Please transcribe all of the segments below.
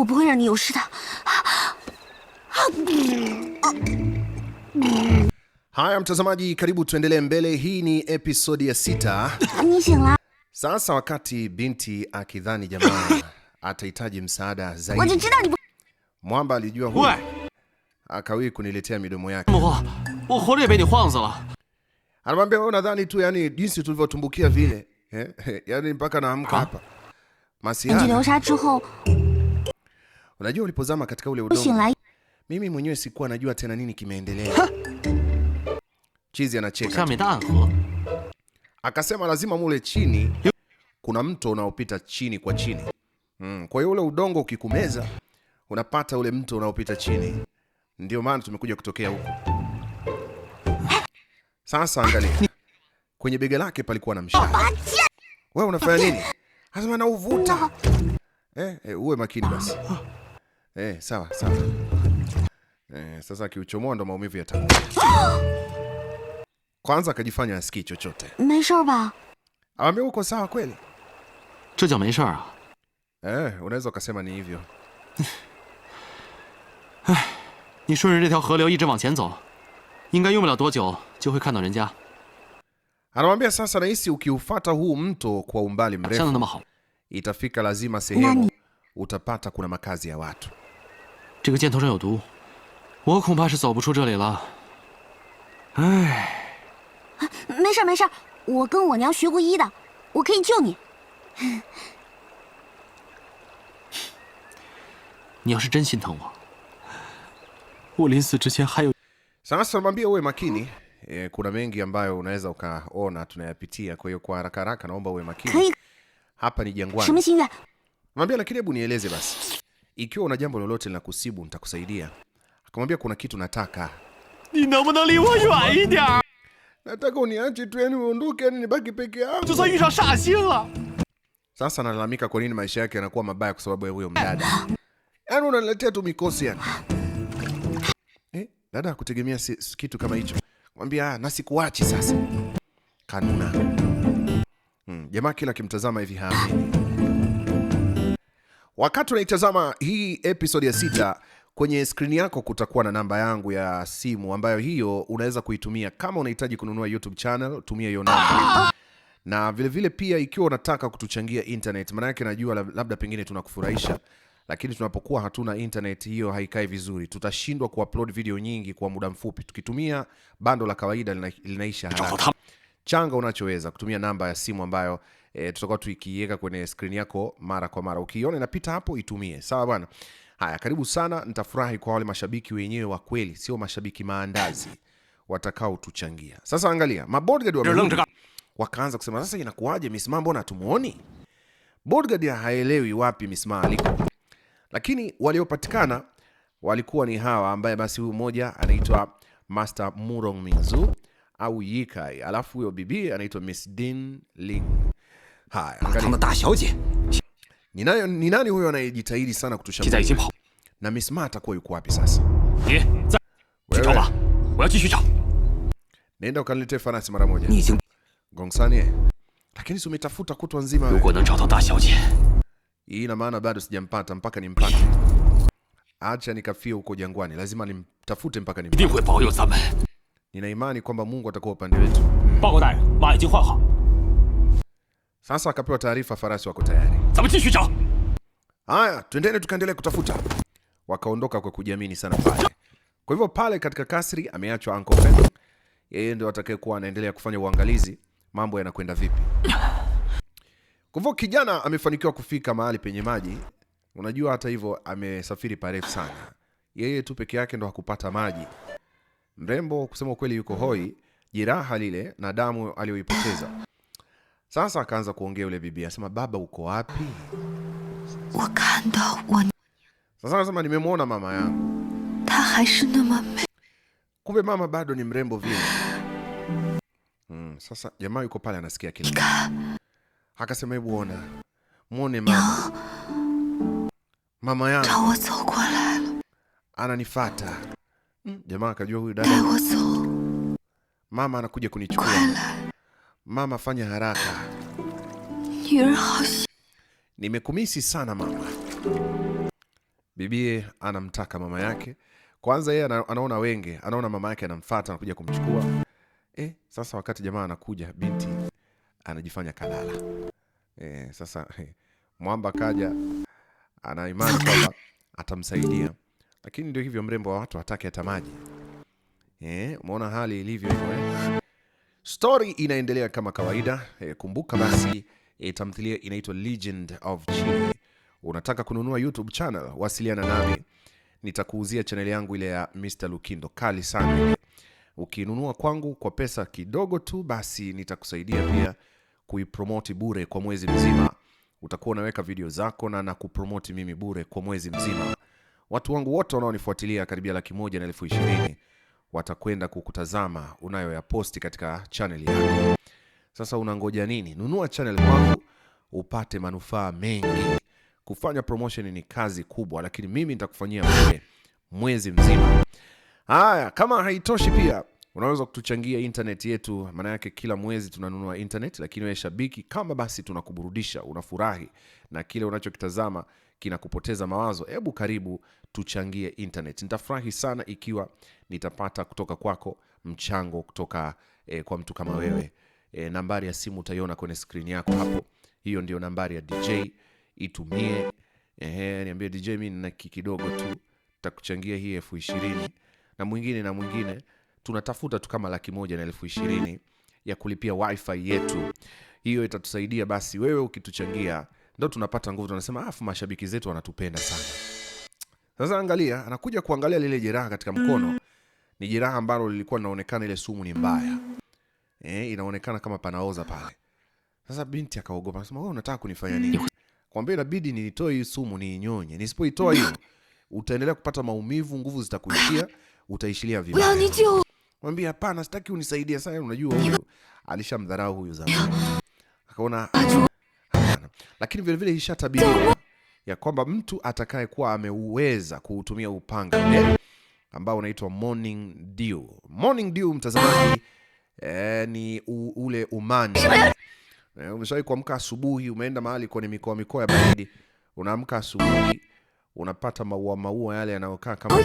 我不会让你有事的。Haya mtazamaji, karibu tuendelee mbele. Hii ni episodi ya sita. Sasa wakati binti akidhani jamaa atahitaji msaada zaidi, mwamba alijua huyu akawii kuniletea midomo yake. Anamwambia wewe oh, unadhani tu yani jinsi tulivyotumbukia vile, eh, eh, yani mpaka naamka hapa masiha Unajua ulipozama katika ule udongo, mimi mwenyewe sikuwa najua tena nini kimeendelea. Chizi anacheka akasema, lazima mule chini kuna mto unaopita chini kwa chini. Mm, kwa hiyo ule udongo ukikumeza unapata ule mto unaopita chini, ndio maana tumekuja kutokea huko. Sasa angalia kwenye bega lake palikuwa na mshale. Wewe unafanya nini? Lazima nauvuta. Eh, eh, uwe makini basi. Eh, sawa sawa. Eh, sasa akiuchomoa ndo maumivu yata. Kwanza akajifanya asikii chochote. Aambia uko sawa kweli? Eh, unaweza ukasema ni hivyo. Ni wang Inga jiu hui anamwambia sasa, nahisi ukiufata huu mto kwa umbali mrefu itafika lazima sehemu utapata kuna makazi ya watu. 这个箭头上有毒，我恐怕是走不出这里了。哎，没事没事，我跟我娘学过医的，我可以救你。你要是真心疼我，我临死之前还有。什么心愿？ikiwa una jambo lolote linakusibu nitakusaidia. Akamwambia kuna kitu nataka, nataka uniache tu, yani uondoke, yani nibaki peke yangu. Sasa analalamika kwa nini maisha yake yanakuwa mabaya kwa sababu ya huyo mdada, yani unaniletea tu mikosi yani. Eh, dada akutegemea si, kitu kama hicho. Mwambia ah, na sikuachi sasa kanuna. Hmm, jamaa kila akimtazama hivi haamini Wakati unaitazama hii episode ya sita, kwenye skrini yako kutakuwa na namba yangu ya simu, ambayo hiyo unaweza kuitumia kama unahitaji kununua YouTube channel, tumia hiyo namba na vilevile vile pia ikiwa unataka kutuchangia internet, maana yake najua labda pengine tunakufurahisha, lakini tunapokuwa hatuna internet hiyo haikai vizuri, tutashindwa kuupload video nyingi kwa muda mfupi. Tukitumia bando la kawaida linaisha haraka. Changa unachoweza kutumia namba ya simu ambayo e, tutakuwa tuikiweka kwenye skrini yako mara kwa mara. Ukiona inapita hapo, itumie. Sawa bwana. Haya, karibu sana. Nitafurahi kwa wale mashabiki wenyewe wa kweli, sio mashabiki maandazi watakao tuchangia. Sasa angalia, mabodyguard wa wakaanza kusema sasa, inakuwaje Miss Ma, mbona hatumuoni? Bodyguard haelewi wapi Miss Ma aliko, lakini waliopatikana walikuwa ni hawa, ambaye basi huyu mmoja anaitwa Master Murong Minzu au Yikai, alafu huyo bibi anaitwa Miss Din Ling. Haya, ni nani, ni nani huyo anayejitahidi sana kutushambulia? Na Miss Ma atakuwa yuko wapi sasa? Nenda ukanilete farasi mara moja. Lakini si umetafuta kutwa nzima Hii ina maana bado sijampata mpaka nimpate. Acha nikafie huko jangwani, lazima nimtafute mpaka nimpate. Nina imani kwamba Mungu atakuwa upande wetu. Sasa wakapewa taarifa, farasi wako tayari. Haya, twendeni tukaendelee kutafuta. Wakaondoka kwa kujiamini sana pale. Kwa hivyo pale katika kasri ameachwa Uncle Ben, yeye ndio atakayekuwa anaendelea kufanya uangalizi mambo yanakwenda vipi. Kwa hivyo kijana amefanikiwa kufika mahali penye maji. Unajua, hata hivyo amesafiri parefu sana, yeye tu peke yake ndo hakupata maji. Mrembo kusema ukweli, yuko hoi, jeraha lile na damu aliyoipoteza sasa akaanza kuongea yule bibi, anasema baba uko wapi? Sasa anasema nimemwona mama yangu, kumbe mama bado ni mrembo vile. Hmm, sasa jamaa yuko pale anasikia kile, akasema hebu ona, mwone mama, mama yangu ananifata. Hmm, jamaa akajua huyu dada mama anakuja kunichukua Mama, fanya haraka. Nimekumisi sana mama. Bibie anamtaka mama yake kwanza, yeye anaona wenge, anaona mama yake anamfuata, anakuja kumchukua. Eh, sasa wakati jamaa anakuja, binti anajifanya kalala. Eh, sasa eh, mwamba kaja, ana imani kwamba atamsaidia, lakini ndio hivyo, mrembo wa watu hataki hata maji. Eh, umeona hali ilivyo hivyo eh? Story inaendelea kama kawaida. E, kumbuka basi e, tamthilia inaitwa Legend of Chi. Unataka kununua YouTube channel? Wasiliana nami, nitakuuzia channel yangu ile ya Mr Lukindo kali sana. Ukinunua kwangu kwa pesa kidogo tu, basi nitakusaidia pia kuipromoti bure kwa mwezi mzima. Utakuwa unaweka video zako na na kupromoti mimi bure kwa mwezi mzima. Watu wangu wote wanaonifuatilia karibia laki moja na elfu ishirini watakwenda kukutazama unayoyaposti katika channel yako. Sasa unangoja nini? Nunua channel kwangu upate manufaa mengi. Kufanya promotion ni kazi kubwa, lakini mimi nitakufanyia wewe mwezi mzima. Haya, kama haitoshi pia unaweza kutuchangia internet yetu, maana yake kila mwezi tunanunua internet, lakini wewe shabiki kama basi, tunakuburudisha unafurahi na kile unachokitazama kinakupoteza mawazo, hebu karibu tuchangie internet. Nitafurahi sana ikiwa nitapata kutoka kwako mchango kutoka e, kwa mtu kama wewe. e, nambari ya simu utaiona kwenye skrini yako hapo, hiyo ndio nambari ya DJ, itumie. Ehe, niambie DJ, mimi nina kidogo tu takuchangia hii elfu ishirini na mwingine na mwingine, tunatafuta tu kama laki moja na elfu ishirini ya kulipia wifi yetu. Hiyo itatusaidia basi, wewe ukituchangia ndo tunapata nguvu, tunasema afu ah, mashabiki zetu wanatupenda sana. Sasa angalia, anakuja kuangalia lile jeraha katika mkono, mm. ni jeraha ambalo lilikuwa linaonekana ile sumu ni mbaya eh, inaonekana kama panaoza pale. Sasa binti akaogopa, anasema wewe unataka kunifanya nini? Mm. Kwambia inabidi nitoe hii sumu niinyonye, nisipoitoa hiyo utaendelea kupata maumivu, nguvu zitakuishia, utaishilia vibaya. Mwambie hapana, sitaki unisaidie. Sasa unajua huyo alishamdharau huyo zamani, akaona lakini vile vilevile ishatabiriwa ya kwamba mtu atakaye kuwa ameuweza kuutumia upanga nene ambao unaitwa morning dew. Morning dew, mtazamaji, eh, ni u, ule umanja eh, umeshawahi kuamka asubuhi, umeenda mahali kwenye mikoa mikoa ya baridi, unaamka asubuhi unapata maua maua yale yanayokaa kama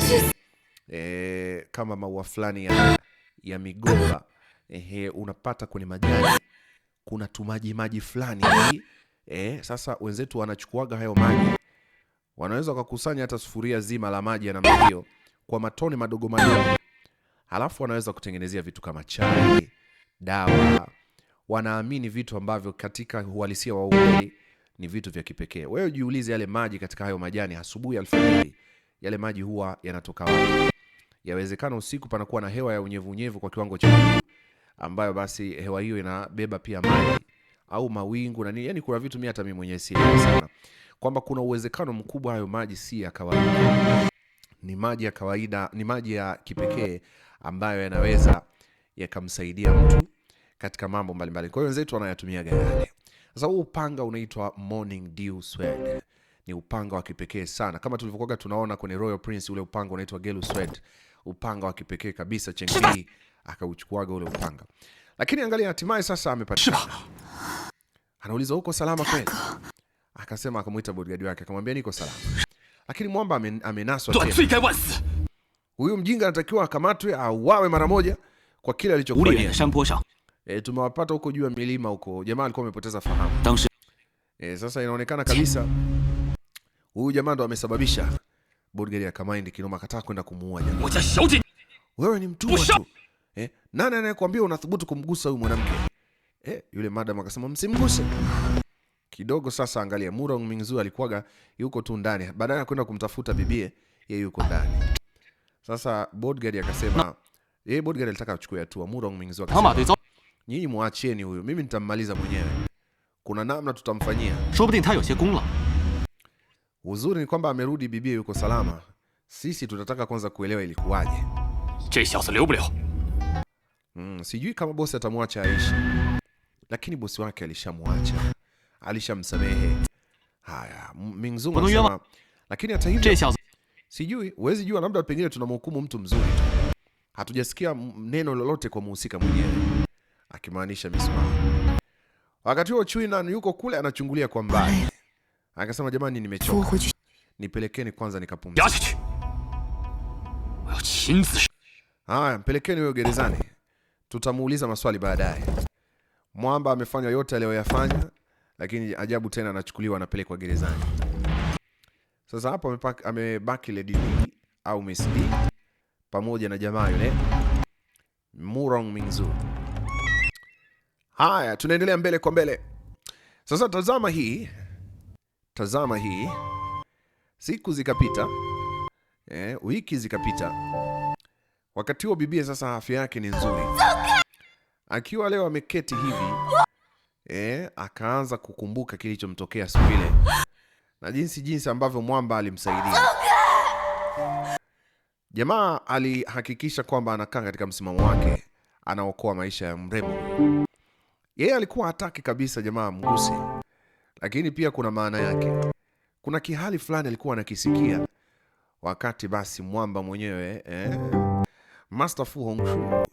eh, kama maua fulani ya, ya migomba eh, unapata kwenye majani kuna tumaji maji fulani Eh, sasa wenzetu wanachukuaga hayo maji, wanaweza wakakusanya hata sufuria zima la maji ya namna hiyo kwa matone madogo madogo, halafu wanaweza kutengenezea vitu kama chai, dawa. Wanaamini vitu ambavyo katika uhalisia wa ukweli ni vitu vya kipekee. Wewe jiulize, yale maji katika hayo majani asubuhi, alfajiri, yale maji huwa yanatoka wapi? Yawezekana usiku panakuwa na hewa ya unyevunyevu kwa kiwango cha juu, ambayo basi hewa hiyo inabeba pia maji au mawingu na nini. Yani kuna vitu mimi hata mimi mwenyewe sielewi sana, kwamba kuna uwezekano mkubwa hayo maji si ya kawaida, ni maji ya kawaida, ni maji ya kipekee ambayo yanaweza yakamsaidia mtu katika mambo mbalimbali. Kwa hiyo wenzetu wanayatumia gani? Sasa huu upanga unaitwa Morning Dew Sword. Ni upanga wa kipekee sana, kama tulivyokuwa tunaona kwenye Royal Prince, ule upanga unaitwa Gelu Sword, upanga wa kipekee kabisa. Chengii akauchukuaga ule upanga, lakini angalia, hatimaye sasa amepatikana Anauliza, uko salama kweli? Akasema, akamwita bodyguard wake akamwambia, niko salama, lakini mwamba amenaswa tena. Huyu mjinga anatakiwa akamatwe, auawe mara moja kwa kile alichofanya. E, tumewapata huko juu ya milima huko, jamaa alikuwa amepoteza fahamu. E, sasa inaonekana kabisa huyu jamaa ndo amesababisha bodyguard akamaindi kinoma, akataa kwenda kumuua jamaa. Wewe ni mtumwa tu eh? Nani anayekuambia unathubutu kumgusa huyu mwanamke? Eh, yule madam akasema msimguse kidogo. Sasa angalia, Murong Mingzu alikuwaga yuko tu ndani, baadaye akwenda kumtafuta bibie, yeye yuko ndani. Sasa bodyguard akasema, yeye bodyguard alitaka achukue hatua. Murong Mingzu akasema, nyinyi muachieni huyo, mimi nitammaliza mwenyewe, kuna namna tutamfanyia. Uzuri ni kwamba amerudi, bibie yuko salama. Sisi tunataka kwanza kuelewa ilikuwaje. Mm, sijui kama bosi atamwacha aishi lakini bosi wake alishamwacha, alishamsamehe. Haya, Mingzungu anasema, lakini hata hivyo sijui, huwezi jua, labda pengine tunamhukumu mtu mzuri tu, hatujasikia neno lolote kwa muhusika mwenyewe, akimaanisha Misma. Wakati huo Chui Chuinan yuko kule anachungulia kwa mbali, akasema, jamani, nimechoka, nipelekeni kwanza nikapumzike. Haya, mpelekeni huyo gerezani, tutamuuliza maswali baadaye. Mwamba amefanya yote aliyoyafanya, lakini ajabu tena anachukuliwa anapelekwa gerezani. Sasa hapo amebaki Lady D au Miss D pamoja na jamaa yule Murong Mingzu. Haya, tunaendelea mbele kwa mbele. Sasa tazama hii, tazama hii. Siku zikapita, eh, wiki zikapita. Wakati huo bibia sasa afya yake ni nzuri. Akiwa leo ameketi hivi eh, akaanza kukumbuka kilichomtokea siku ile na jinsi jinsi ambavyo mwamba alimsaidia. Jamaa alihakikisha kwamba anakaa katika msimamo wake, anaokoa maisha ya mrembo. Yeye alikuwa hataki kabisa jamaa mguse, lakini pia kuna maana yake, kuna kihali fulani alikuwa anakisikia wakati basi mwamba mwenyewe eh, Master Fu Hongxue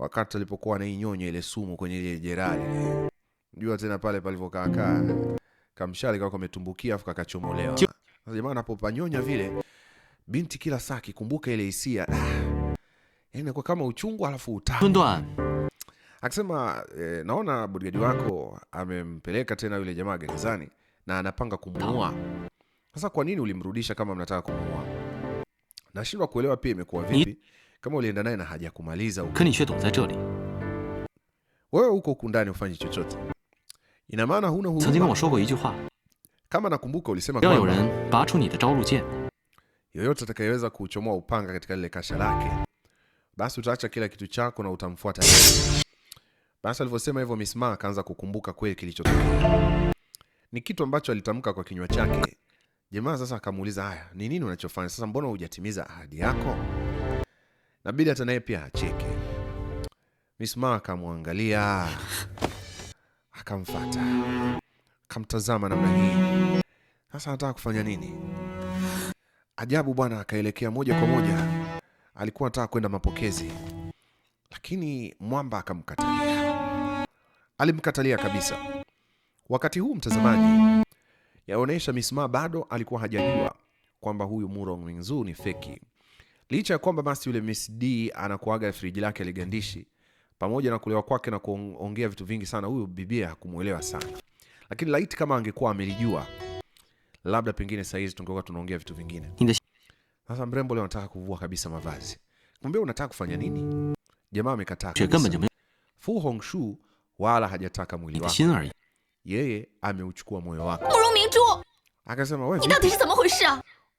wakati alipokuwa anainyonya ile sumu kwenye ile jeraha lile. Jua tena pale palivyokaa kamshale kwa kumetumbukia afu kakachomolewa. Sasa jamaa anapopanyonya vile binti kila saa kikumbuka ile hisia ah, yani kwa kama uchungu alafu utamu. Akisema eh, naona bodigadi wako amempeleka tena yule jamaa gerezani na anapanga kumuua. Sasa kwa nini ulimrudisha kama mnataka kumuua? Nashindwa kuelewa pia imekuwa vipi. Ni kama ulienda naye na hajakumaliza huko, wewe huko huku ndani ufanye chochote, ina maana huna huruma. Kama nakumbuka ulisema kwamba yoyote atakayeweza kuchomoa upanga katika lile kasha lake, basi utaacha kila kitu chako na utamfuata. Basi alivyosema hivyo, Miss Ma akaanza kukumbuka kweli kilichotokea. Ni kitu ambacho alitamka kwa kinywa chake. Jamaa sasa akamuuliza, haya ni nini unachofanya sasa? Mbona hujatimiza ahadi yako? nabidi hata naye pia acheke. Miss Ma akamwangalia, akamfata, akamtazama namna hii. Sasa anataka kufanya nini? Ajabu bwana, akaelekea moja kwa moja, alikuwa anataka kwenda mapokezi, lakini mwamba akamkatalia, alimkatalia kabisa. Wakati huu mtazamaji, yaonyesha Miss Ma bado alikuwa hajajua kwamba huyu Murong Minzu ni feki licha ya kwamba basi yule Miss D anakuaga friji lake ligandishi, pamoja na kulewa kwake na kuongea vitu vingi sana, huyu bibia hakumuelewa sana, lakini laiti kama angekuwa amelijua, labda pengine saa hizi tungekuwa tunaongea vitu vingine. Sasa mrembo leo anataka kuvua kabisa mavazi, kumwambia unataka kufanya nini? Jamaa amekataa kabisa. Fu Hongxue wala hajataka mwili wako, yeye ameuchukua moyo wako. Akasema wewe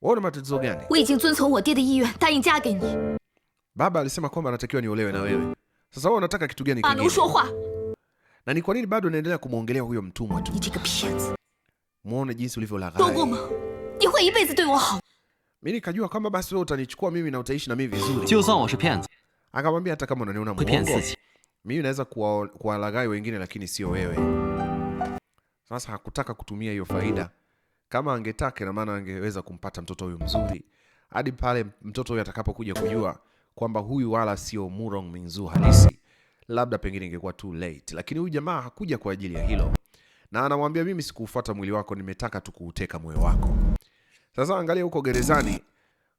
Waona matatizo gani? Wewe alisema kwamba anatakiwa niolewe na wewe. Sasa wewe unataka kitu gani kingine? Na ni kwa nini bado unaendelea huyo mtumwa tu? Muone jinsi Ni hui dui wo hao. Mimi nikajua basi wewe utanichukua mimi na utaishi na mimi vizuri. Jiu wo shi pianzi. Akamwambia hata kama unaniona mwongo. Mimi naweza kuwalaghai wengine lakini sio wewe. Sasa hakutaka kutumia hiyo faida. Kama angetaka, na maana angeweza kumpata mtoto huyu mzuri, hadi pale mtoto huyu atakapokuja kujua kwamba huyu wala sio Murong Minzu halisi, labda pengine ingekuwa too late. Lakini huyu jamaa hakuja kwa ajili ya hilo, na anamwambia mimi sikufuata mwili wako, nimetaka tu kuuteka moyo wako. Sasa angalia huko gerezani,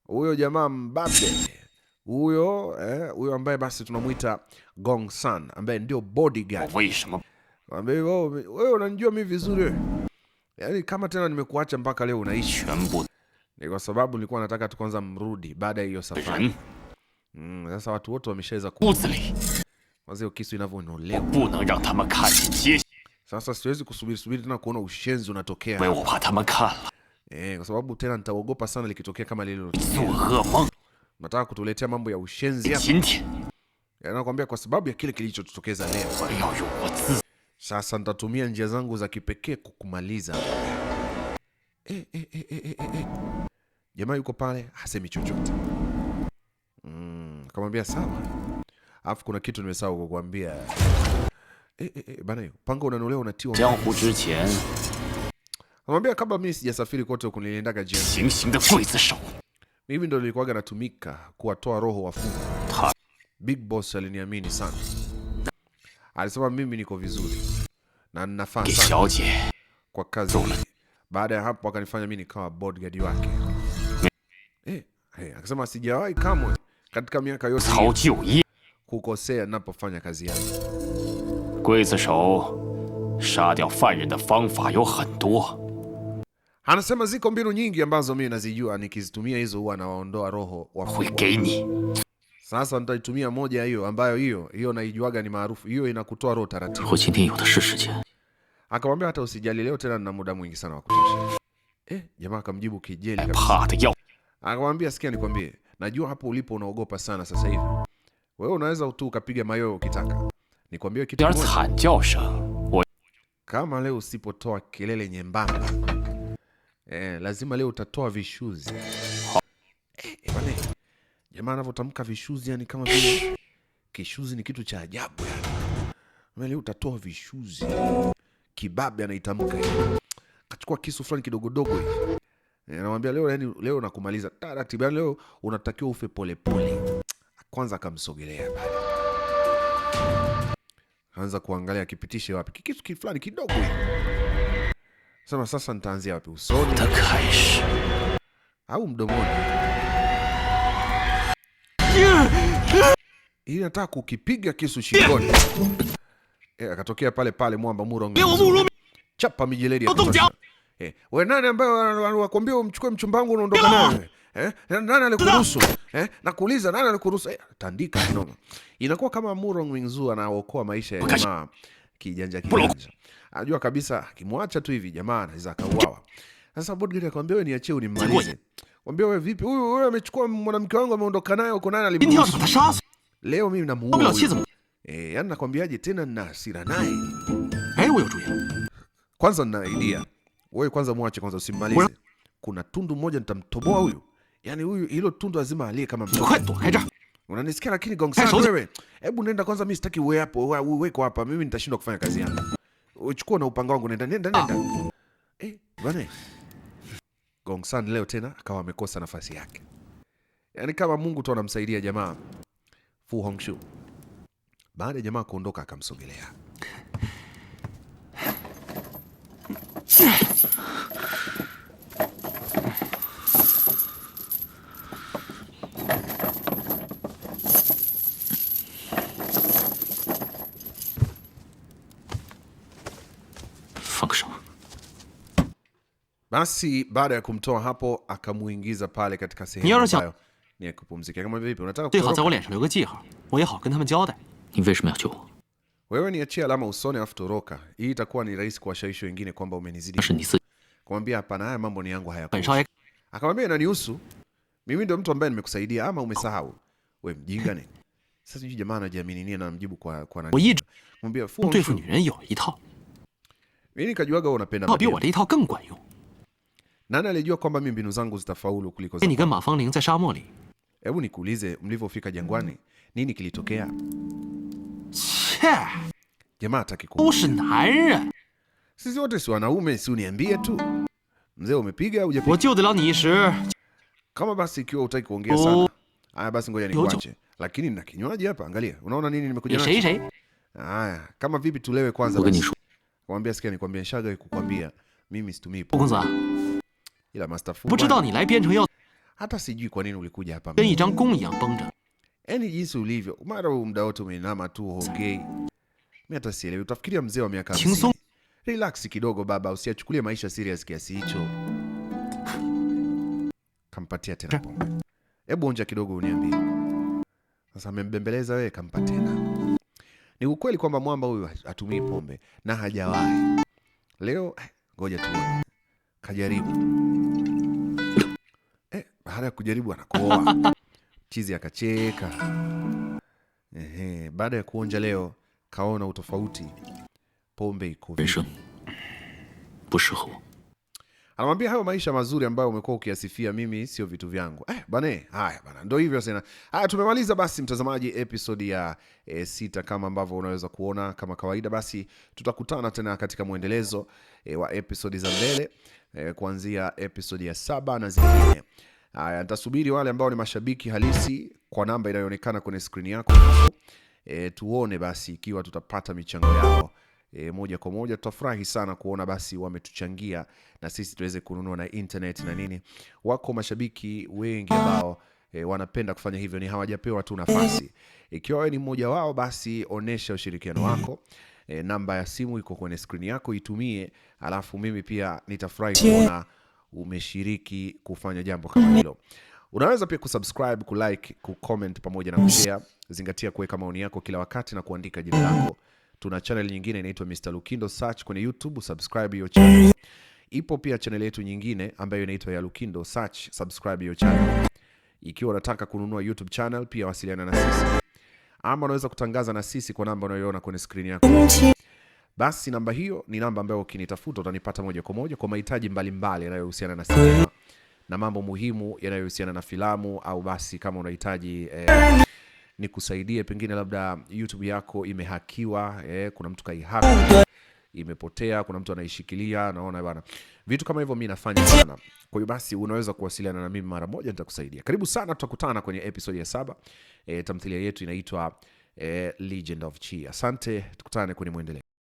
huyo jamaa mbabe huyo eh, huyo ambaye basi tunamuita Gong San ambaye ndio bodyguard, oh, wewe unanijua mimi vizuri wewe yani kama tena nimekuacha mpaka leo unaishi. Ni kwa sababu nilikuwa nataka tu kwanza mrudi baada ya hiyo safari. Mm, sasa watu wote wameshaweza ku. Wazee kisu inavyonolewa. Sasa siwezi kusubiri subiri tena kuona ushenzi unatokea. Eh, kwa sababu tena nitaogopa sana likitokea kama lile lolote. Nataka kutuletea mambo ya ushenzi hapa. Yanakwambia yaani kwa sababu ya kile kilichotokeza leo. Sasa nitatumia njia zangu za kipekee kukumaliza. E, e, e, e, e. Jamaa yuko pale hasemi chochote mm, kamwambia sawa. Alafu kuna kitu nimesahau kukuambia. E, e, e, bana, panga unanulewa unatiwa. Kamwambia kabla mimi sijasafiri kote huko niliendaga jela. Mimi ndo nilikuwaga natumika kuwatoa roho wafungwa. Big Boss aliniamini sana. Alisema mimi niko vizuri na ninafaa sana kwa kazi. Baada ya hapo akanifanya mimi nikawa bodyguard wake. Eh, eh, akasema sijawahi kamwe katika miaka yote kukosea ninapofanya kazi yangu. Anasema ziko mbinu nyingi ambazo mimi nazijua nikizitumia hizo huwa nawaondoa roho wafungwa. Sasa nitaitumia moja hiyo ambayo hiyo hiyo naijuaga ni maarufu, hiyo inakutoa roho taratibu. Akamwambia hata usijali, leo tena nina muda mwingi sana wa kutosha. Eh, jamaa akamjibu kijeli Akamwambia sikia, nikwambie, najua hapo ulipo unaogopa sana sasa hivi. Wewe unaweza tu ukapiga mayowe ukitaka. Nikwambie kitu kimoja. Kama leo usipotoa kelele nyembamba, eh, lazima leo utatoa vishuzi. Jamaa anavyotamka vishuzi, yani kama vile kishuzi ni kitu cha ajabu. Mbele utatoa vishuzi. Kibabe anaitamka hiyo. Kachukua kisu fulani kidogodogo hivi. Eh, anamwambia leo, yani leo nakumaliza taratibu. Yani leo unatakiwa ufe polepole. Kwanza akamsogelea pale. Anza kuangalia kipitishe wapi. Kitu fulani kidogo hivi. Sema sasa nitaanzia wapi? Usoni au mdomoni? Hii nataka kukipiga kisu shingoni. Eh, akatokea pale pale mwamba Murong. Chapa mijeledi. Eh, wewe nani ambaye anakuambia umchukue mchumba wangu unaondoka naye? Eh, nani alikuruhusu? Eh, nakuuliza nani alikuruhusu? Eh, tandika kinoma. Inakuwa kama Murong Wingzu anaokoa maisha ya jamaa kijanja kijanja. Anajua kabisa akimwacha tu hivi jamaa anaweza akauawa. Sasa bodyguard akamwambia wewe niachie unimalize. Wambia wewe vipi? Huyu wewe amechukua mwanamke wangu ameondoka naye uko naye alimruhusu. Leo mimi namuua. Eh, yani nakwambiaje tena na hasira naye. Eh, wewe tu. Kwanza na idea. Wewe kwanza mwache kwanza usimalize. Kuna tundu moja nitamtoboa huyu. Yani huyu hilo tundu lazima alie kama mtoto. Unanisikia lakini Gong San wewe. Hebu nenda kwanza mimi sitaki uwe hapo. Wewe uko hapa mimi nitashindwa kufanya kazi yangu. Uchukua na upanga wangu nenda nenda nenda. Ah. Eh, bwana. Gongsan leo tena akawa amekosa nafasi yake. Yaani kama Mungu tu anamsaidia jamaa Fu Hongxue. Baada ya jamaa kuondoka akamsogelea Basi baada ya kumtoa hapo, akamuingiza pale katika sehemu ambayo ni ya kupumzikia. Kama vipi, unataka Wewe niachie alama usoni afu toroka. Hii itakuwa ni rahisi kuwashawishi wengine kwamba umenizidi. Kumwambia hapana, haya mambo ni yangu hayakuhusu. Akamwambia inanihusu. Mimi ndio mtu ambaye nimekusaidia ama umesahau? Wewe mjinga ni. Sasa yule jamaa anajiamini nini anamjibu kwa kwa nani? Kumwambia fu. Mimi nikajuaga wewe unapenda. Nani alijua kwamba mimi mbinu zangu zitafaulu kuliko zako? Ni kama Ma Fangling za shamo Hebu nikuulize, mlivyofika jangwani, nini kilitokea? Jamaa hataki kuona. Sisi wote si wanaume, si uniambie tu. Mzee umepiga au hujapiga? ni Kama basi ikiwa hutaki kuongea oh. sana. Haya basi ngoja nikuache. Lakini nina kinywaji hapa, angalia. Unaona nini nimekuja nacho? Haya, kama vipi tulewe kwanza. Nikwambia, sikia nikwambia, shaga kukwambia mimi situmii pombe ila sijui kwa nini ulikuja hapa, 跟一张弓一样绷着。yani jinsi ulivyo, mara muda wote umeinama tu Mimi hata sielewi, utafikiria mzee wa miaka Relax kidogo baba, usiachukulie maisha serious kiasi hicho. Kampatia tena pombe. Hebu onja kidogo uniambie. Sasa amembembeleza wewe, kampa tena. Ni ukweli kwamba mwamba huyu hatumii pombe na hajawahi. Leo eh, ngoja tuone, kajaribu baada ya kujaribu anakoa. Chizi akacheka. Ehe, baada ya kuonja leo kaona utofauti, pombe iko anamwambia hayo maisha mazuri ambayo umekuwa ukiyasifia mimi sio vitu vyangu. Eh, bane, eh, haya bana, ndo hivyo sana. Haya, tumemaliza basi mtazamaji episodi ya e, sita kama ambavyo unaweza kuona kama kawaida, basi tutakutana tena katika mwendelezo e, wa episodi za mbele e, kuanzia episodi ya saba na zingine. Haya, nitasubiri wale ambao ni mashabiki halisi kwa namba inayoonekana kwenye skrini yako e, tuone basi ikiwa tutapata michango yao e, moja kwa moja. Tutafurahi sana kuona basi wametuchangia na sisi tuweze kununua na internet na nini. Wako mashabiki wengi ambao e, wanapenda kufanya hivyo, ni hawajapewa tu nafasi. Ikiwa wewe ni mmoja wao, basi onesha ushirikiano wako. E, namba ya simu iko kwenye skrini yako, itumie, alafu mimi pia nitafurahi kuona yeah umeshiriki kufanya jambo kama hilo. Unaweza pia kusubscribe, kulike, kucomment pamoja na kushare. Zingatia kuweka maoni yako kila wakati na kuandika jina lako. Tuna channel nyingine inaitwa Mr. Lukindo, search kwenye YouTube, subscribe hiyo channel. Ipo pia channel yetu nyingine ambayo inaitwa ya Lukindo, search subscribe hiyo channel. Ikiwa unataka kununua YouTube channel, pia wasiliana na sisi ama unaweza kutangaza na sisi kwa namba unayoona kwenye screen yako basi namba hiyo ni namba ambayo ukinitafuta utanipata moja kwa moja kwa mahitaji mbalimbali yanayohusiana na sinema na mambo muhimu yanayohusiana na filamu, au basi kama unahitaji eh, ni kusaidie pengine labda YouTube yako imehakiwa eh, kuna mtu kaihaka imepotea, kuna mtu anaishikilia, naona bwana, vitu kama hivyo mimi nafanya sana. Kwa hiyo basi unaweza kuwasiliana na mimi mara moja, nitakusaidia. Karibu sana, tutakutana kwenye episode ya saba. Eh, tamthilia yetu inaitwa eh, Legend of Chi. Asante, tukutane kwenye mwendeleo.